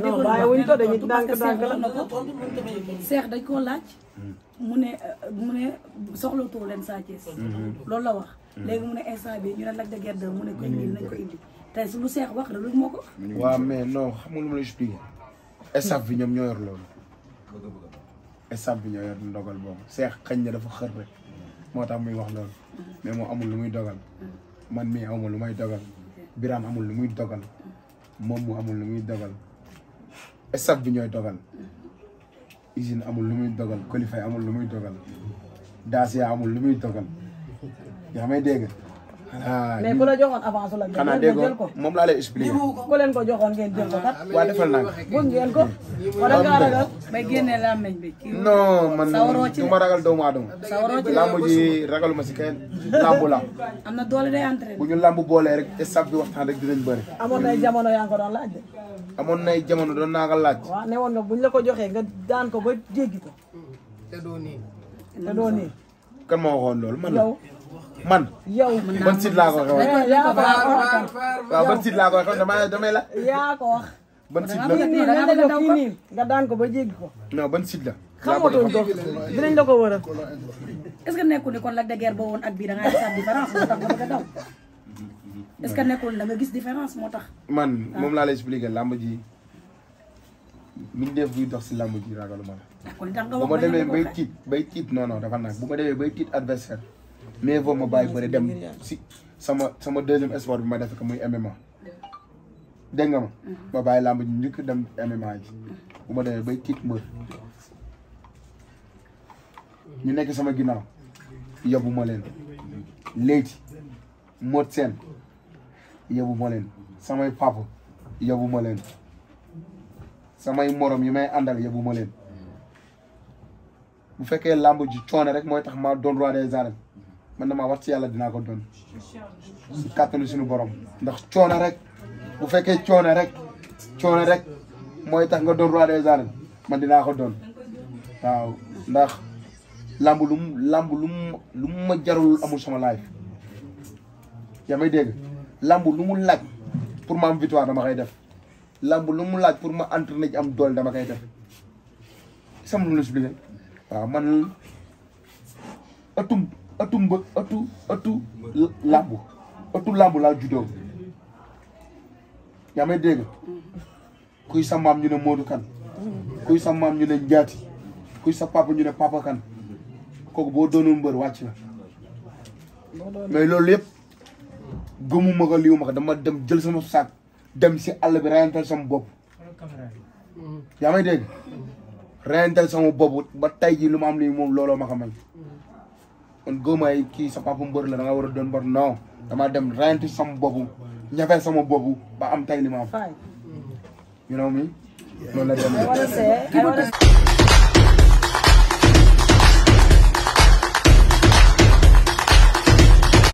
non bàyyiwuñ ko dañuy dànk dànk la seex dañ koo laaj mu ne mu ne soxlootu leen Sa Thiès mm-hmm. loolu la wax mm-hmm. léegi mu ne instant bi ñu ne Lac de Guiers mu ne ko indi nañ ko su lu seex wax da lu moo ko waaw mais non xam lu ma la expliqué bi ñoom ñoo yor loolu staff bi ndogal boobu seex xañ na dafa xër moo tax muy wax loolu mais moo amul lu muy dogal man mii amul lu may dogal Birame amul lu muy dogal moom mu amul lu muy dogal staff bi ñooy dogal usine amul lu muy dogal qualifié amul lu muy dogal dacia amul lu muy dogal yaa may mais ku la joxoon avance la xanaa dégg ko moom laa lay expliqué ku leen ko joxoon ngeen jël ko kat waa defal naa bëgg ngeen ko wala nga ragal bay génnee làmmeñ bi non man du ma ragal doomu aadama làmb ji ragaluma si kenn làmb la am na doole day entraîné bu ñu làmb boolee rek staff bi waxtaan rek dinañ bari amoon nay jamono yaa ngi laaj de amoon nay jamono doon naa ko laaj ne woon nga buñ la ko joxee nga daan ko ba jéggi ko te doo nii te doo ma waxoon loolu man. yow ban site laa ko waxee a ban site laa ko waxee damay damay la. yaa ko wax. ban site la nga daan ko ba jéggi ko. non ban ko dinañ la ko kon Lac de Guiers boo woon ak bii a ce que nekkul da nga gis différence moo tax. man moom laa lay expliquer làmb ji. mi def buy dox ji ragaluma kon tax nga wax ba ma demee bay tiit bay tiit non non dafa nag bu ma demee bay tiit adversaire mais boo ma bàyyi bëri dem si sama sama deuxième sport bi ma def ko muy MMA dégg nga ma. Mm-hmm. ma bàyyi làmb ñu njëkk dem MMA ji bu ma demee bay tiit mbër ñu nekk sama ginnaaw yóbbu leen léegi mot seen yóbbu ma leen samay papa yóbbu ma leen samay moroom yi may àndal yóbbu ma leen bu fekkee làmb ji coono rek mooy tax ma doon roi man damaa war ci yàlla dina ko doon si kàttanu suñu borom ndax coono rek bu fekkee coono rek coono rek mooy tax nga doon roi des arènes man dinaa ko doon waaw ndax làmb lu mu làmb lu mu lu mu lu mu laaj pour ma am victoire dama koy def làmb lu mu laaj pour ma entraîner ji am dool dama koy def sama lu expliqué waaw man ëttum ëttu mbë ëttu ëttu làmbu ëttu làmbu laa juddoo yaa may dégg kuy sa maam ñu ne Modou Kan kuy sa maam ñu ne Njaati kuy sa papa ñu ne Papa Kan kooku boo doonu mbër wàcc na mais loolu yëpp gëmuma ko liwu ma ko dama dem jël sama saak dem si àll bi reyantal sama bopp yaa may dégg reyantal sama bopp ba tey ji lu mu am lii moom looloo ma ko may man góomaay kii sa papa mbër la da nga war a doon mbër non damaa dem renti sama bopp ñafe sama bopp ba am tay li ma am you know me loolu la demee